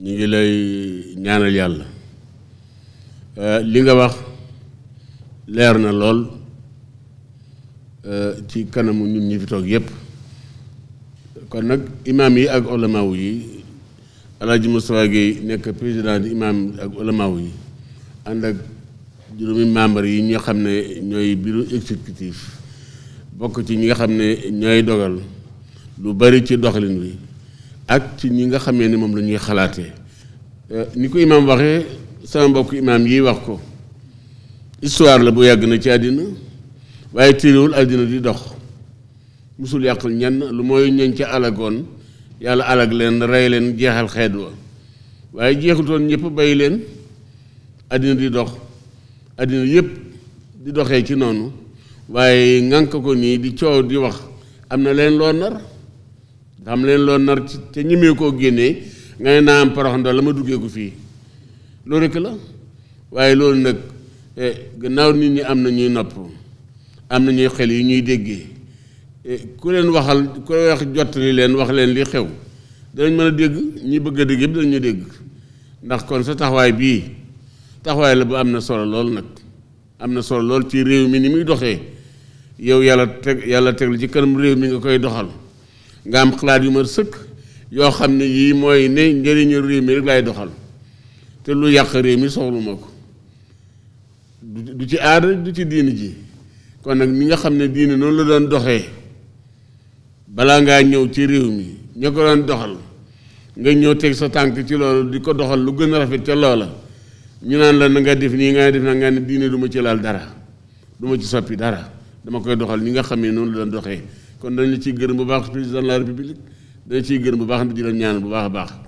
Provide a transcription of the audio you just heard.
ñu ngi lay ñaanal yàlla euh, li nga wax leer na lool euh, ci kanamu ñun ñi fi toog yépp kon nag imaam yi ak olamaaw yi alaaji Moustapha Guèye nekk président di imaam ak olamaaw yi ànd ak juróomi membre yi ñoo xam ne ñooy bureau exécutif bokk ci ñi nga xam ne ñooy dogal lu bari ci doxalin wi ak ci ñi nga xamee ni moom lañuy ñuy xalaatee euh, ni ko imaam waxee sama mbokk imaam yi wax ko histoire la bu yàgg na ci àddina waaye téerewul àddina di dox musul yàqul ñenn lu mooy ñeñ ca alagoon yàlla alag leen rey leen jeexal xeet wa waaye jeexutoon ñëpp bàyyi leen àddina di dox àddina yëpp di doxee ci noonu waaye ngànk ko nii di coow di wax am na leen loo nar am leen loo nar ci te ñemee koo génnee nga ne naa am parox la ma duggeeku fii loolu rek la waaye loolu nag eh, gannaaw nit ñi am na ñuy nopp am na ñuy xel yu ñuy déggee eh, ku leen waxal ku wax jottali leen wax leen li xew danañ mën a dégg ñi bëgg a dégg yëpp danañu dégg ndax kon sa taxawaay bii taxawaay la bu am na solo lool nag am na solo lool ci réew mi ni muy doxee yow yàlla teg yàlla teg lu ci kanam réew mi nga koy doxal nga am xalaat yu ma sëkk yoo xam ne yii mooy ne njëriñu réew mi rek lay doxal te lu yàq réew mi soxlu ko du ci aada du ci diini ji kon nag ñi nga xam ne diini noonu la doon doxee balaa ngaa ñëw ci réew mi ña ko doon doxal nga ñëw teg sa tànk ci loolu di ko doxal lu gën a rafet ca loola ñu naan la na nga def nii nga def na nga ne diini du ma ci laal dara duma ci soppi dara dama koy doxal ñi nga xam ne noonu la doon doxee kon dañ ciy gërëm bu baax président de la république dañ ciy gërëm bu baax di la ñaan bu baax a baax